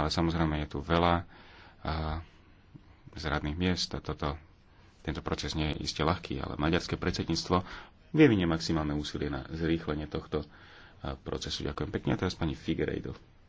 ale samozrejme je tu veľa zradných miest a toto, tento proces nie je iste ľahký, ale maďarské predsedníctvo vyvinie maximálne úsilie na zrýchlenie tohto procesu. Ďakujem pekne a teraz pani Figueiredo.